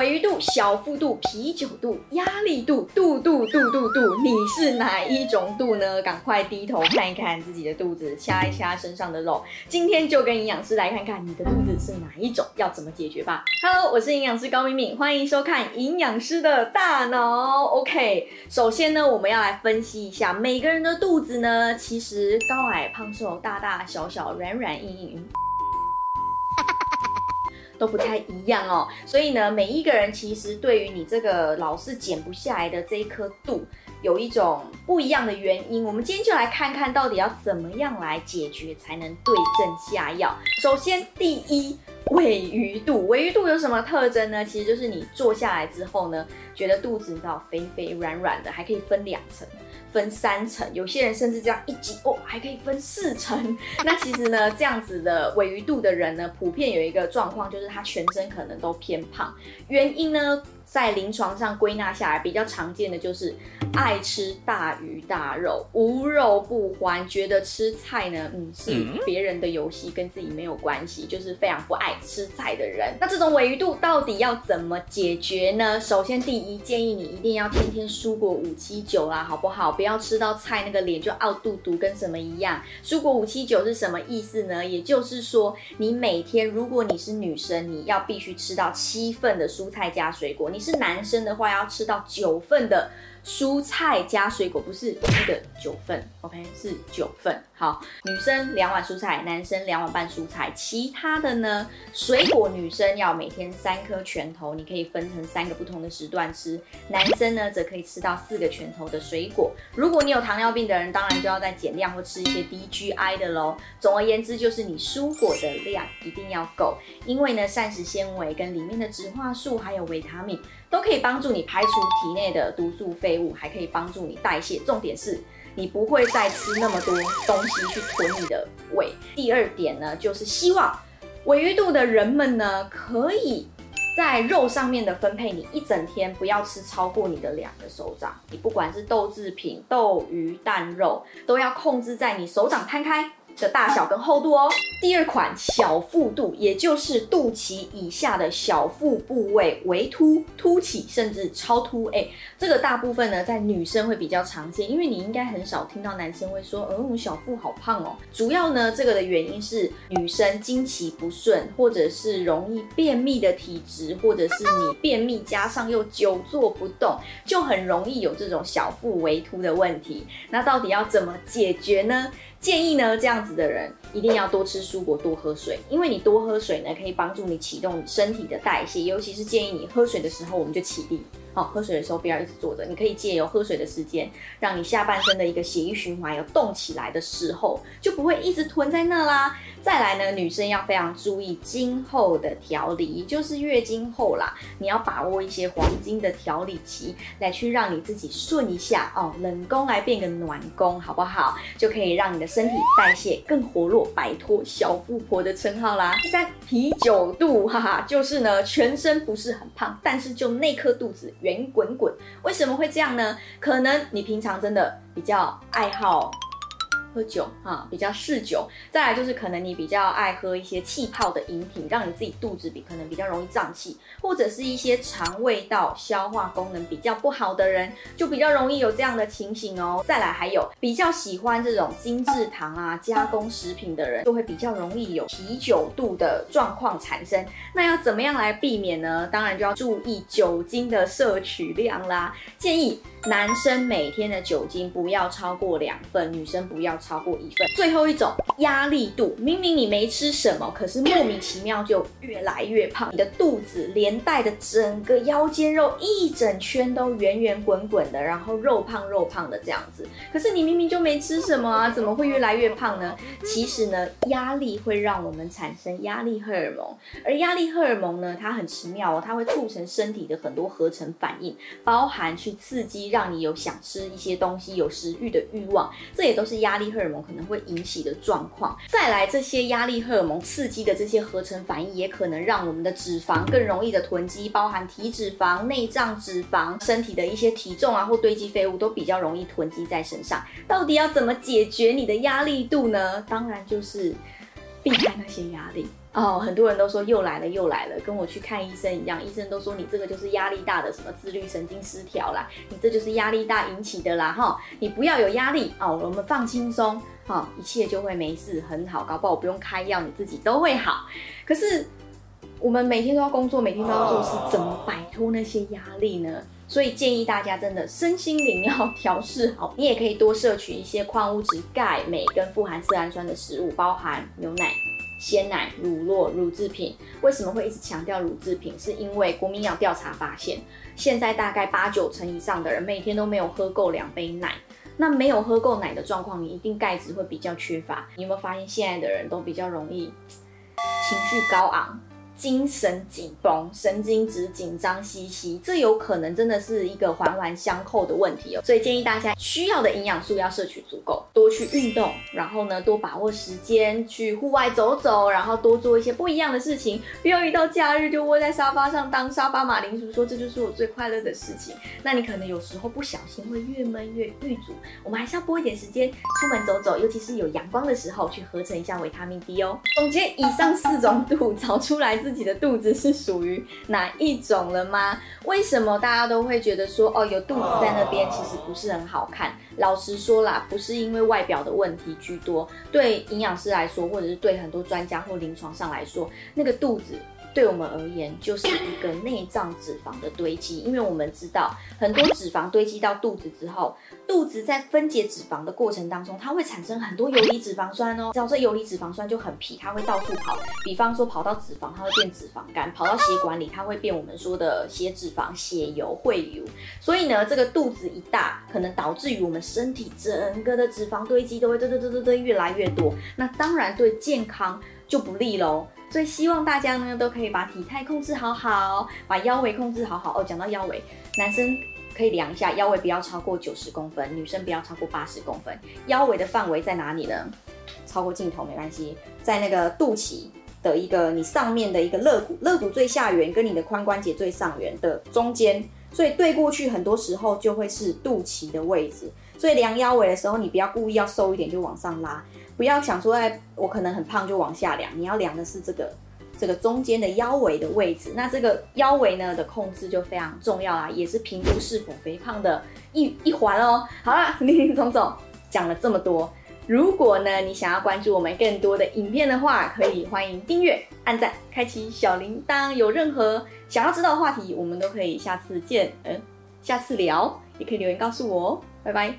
肥肚、小腹肚、啤酒肚、壓力肚肚、肚、肚肚肚肚肚、肚，你是哪一種肚呢？趕快低頭看一看自己的肚子，掐一掐身上的肉。今天就跟營養師來看看你的肚子是哪一種，要怎麼解決吧。Hello，我是營養師高敏敏，歡迎收看營養師的大腦。OK，首先呢，我們要來分析一下每個人的肚子呢，其實高矮、胖瘦、大大小小、軟軟硬硬、硬。都不太一樣哦，所以呢，每一個人其實對於你這個老是減不下來的這一顆肚，有一種不一樣的原因。我們今天就來看看到底要怎麼樣來解決，才能對症下藥。首先，第一。鮪魚肚，鮪魚肚有什麼特徵呢？其實就是你坐下來之後呢，覺得肚子你知道肥肥軟軟的，還可以分兩層，分三層，有些人甚至這樣一擠哦，還可以分四層。那其實呢，這樣子的鮪魚肚的人呢，普遍有一個狀況，就是他全身可能都偏胖。原因呢，在臨床上歸納下來，比較常見的就是愛吃大魚大肉，無肉不歡，覺得吃菜呢，嗯，是別人的遊戲，跟自己沒有關係，就是非常不愛。愛吃菜的人，那這種維度到底要怎麼解決呢？首先，第一建議你一定要天天蔬果五七九啦，好不好？不要吃到菜那個臉就凹肚肚，跟什麼一樣。蔬果五七九是什麼意思呢？也就是說，你每天，如果你是女生，你要必須吃到七份的蔬菜加水果；你是男生的話，要吃到九份的。蔬菜加水果不是一個九份，OK 是九份。好，女生兩碗蔬菜，男生兩碗半蔬菜。其他的呢，水果女生要每天三顆拳頭，你可以分成三個不同的時段吃。男生呢，則可以吃到四個拳頭的水果。如果你有糖尿病的人，當然就要再減量或吃一些低 GI 的嘍。總而言之，就是你蔬果的量一定要夠，因為呢，膳食纖維跟裡面的植化素還有維他命，都可以幫助你排除體內的毒素肺廢物還可以幫助你代謝，重點是你不會再吃那麼多東西去囤你的胃。第二點呢，就是希望，鮪魚肚的人們呢，可以在肉上面的分配，你一整天不要吃超過你的兩個手掌。你不管是豆制品、豆、魚、蛋、肉，都要控制在你手掌攤開。的大小跟厚度哦。第二款小腹肚，也就是肚臍以下的小腹部位微凸、凸起甚至超凸。哎、欸，這個大部分呢，在女生會比較常見，因為你應該很少聽到男生會說，嗯，小腹好胖哦。主要呢，這個的原因是女生經期不順，或者是容易便秘的體質，或者是你便秘加上又久坐不動，就很容易有這種小腹微凸的問題。那到底要怎麼解決呢？建議呢，這樣子的人一定要多吃蔬果，多喝水。因為你多喝水呢，可以幫助你啟動你身體的代謝，尤其是建議你喝水的時候，我們就起立。好，哦，喝水的時候不要一直坐着，你可以借由喝水的時間，讓你下半身的一個血液循環有動起來的時候，就不會一直囤在那啦。再來呢，女生要非常注意今後的調理，就是月經後啦，你要把握一些黃金的調理期，來去讓你自己順一下哦，冷宮來變個暖宮，好不好？就可以讓你的身體代謝更活絡，擺脫小富婆的稱號啦。第三，啤酒肚，哈哈，就是呢，全身不是很胖，但是就那顆肚子。圓滾滾，為什麼會這樣呢？可能你平常真的比較愛好。喝酒啊，比較嗜酒；再來就是可能你比較愛喝一些氣泡的飲品，讓你自己肚子裡可能比較容易脹氣，或者是一些腸胃道消化功能比較不好的人，就比較容易有這樣的情形哦。再來還有比較喜歡這種精緻糖啊、加工食品的人，就會比較容易有啤酒肚的狀況產生。那要怎麼樣來避免呢？當然就要注意酒精的攝取量啦。建議男生每天的酒精不要超過兩份，女生不要。超過一份。最後一種壓力肚，明明你沒吃什麼，可是莫名其妙就越來越胖。你的肚子連帶的整個腰間肉一整圈都圓圓滾滾的，然後肉胖肉胖的這樣子。可是你明明就沒吃什麼啊，怎麼會越來越胖呢？其實呢，壓力會讓我們產生壓力荷爾蒙，而壓力荷爾蒙呢，它很奇妙哦，它會促成身體的很多合成反應，包含去刺激讓你有想吃一些東西、有食欲的欲望，這也都是壓力。荷爾蒙可能會引起的狀況。再來，這些壓力荷爾蒙刺激的這些合成反應，也可能讓我們的脂肪更容易的囤積，包含體脂肪、內臟脂肪、身體的一些體重啊，或堆積廢物都比較容易囤積在身上。到底要怎麼解決你的壓力肚呢？當然就是避開那些壓力。哦，很多人都說又來了又來了，跟我去看醫生一樣，醫生都說你這個就是壓力大的，什麼自律神經失調啦，你這就是壓力大引起的啦哈，你不要有壓力哦，我們放輕鬆，哈，一切就會沒事，很好，搞不好我不用開藥，你自己都會好。可是我們每天都要工作，每天都要做事，怎麼擺脫那些壓力呢？所以建議大家真的身心靈要調適好，你也可以多攝取一些礦物質鈣、鎂跟富含色氨酸的食物，包含牛奶。鮮奶、乳酪、乳製品，為什麼會一直強調乳製品？是因為國民營養調查發現，現在大概八九成以上的人每天都沒有喝夠兩杯奶。那沒有喝夠奶的狀況，你一定鈣質會比較缺乏。你有沒有發現現在的人都比較容易情緒高昂？精神緊繃，神經質緊張兮兮，這有可能真的是一個環環相扣的問題哦。所以建議大家需要的營養素要攝取足夠，多去運動，然後呢，多把握時間去戶外走走，然後多做一些不一樣的事情，不要一到假日就窩在沙發上當沙發馬鈴薯，說這就是我最快樂的事情。那你可能有時候不小心會越悶越鬱卒。我們還是要撥一點時間出門走走，尤其是有陽光的時候去合成一下維他命 D 哦。總結以上四種肚，找出來之。自己的肚子是屬於哪一種了嗎？為什麼大家都會覺得說，哦，有肚子在那邊，其實不是很好看？老實說啦，不是因為外表的問題居多。對營養師來說，或者是對很多專家或臨床上來說，那個肚子對我們而言就是一個內臟脂肪的堆積。因為我們知道，很多脂肪堆積到肚子之後，肚子在分解脂肪的過程當中，它會產生很多游離脂肪酸哦。只要這游離脂肪酸就很皮，它會到處跑。比方說，跑到脂肪，它會變脂肪肝；跑到血管裡，它會變我們說的血脂肪、血油、會油。所以呢，這個肚子一大，可能導致於我們。身體整個的脂肪堆積都會堆堆堆堆堆越來越多，那當然對健康就不利嘍。所以希望大家呢都可以把體態控制好好，把腰圍控制好好哦。講到腰圍，男生可以量一下腰圍，不要超過九十公分；女生不要超過八十公分。腰圍的範圍在哪裡呢？超過鏡頭沒關係，在那個肚臍的一個你上面的一個肋骨，肋骨最下緣跟你的髖關節最上緣的中間。所以對過去很多時候就會是肚臍的位置。所以量腰圍的時候，你不要故意要瘦一點就往上拉，不要想說，欸，我可能很胖就往下量。你要量的是這個，這個中間的腰圍的位置。那這個腰圍呢的控制就非常重要啦，也是評估是否肥胖的一一環哦、喔。好啦，林林總總講了這麼多，如果呢你想要關注我們更多的影片的話，可以歡迎訂閱、按讚、開啟小鈴鐺。有任何想要知道的話題，我們都可以下次見，嗯，下次聊，也可以留言告訴我、喔。拜拜。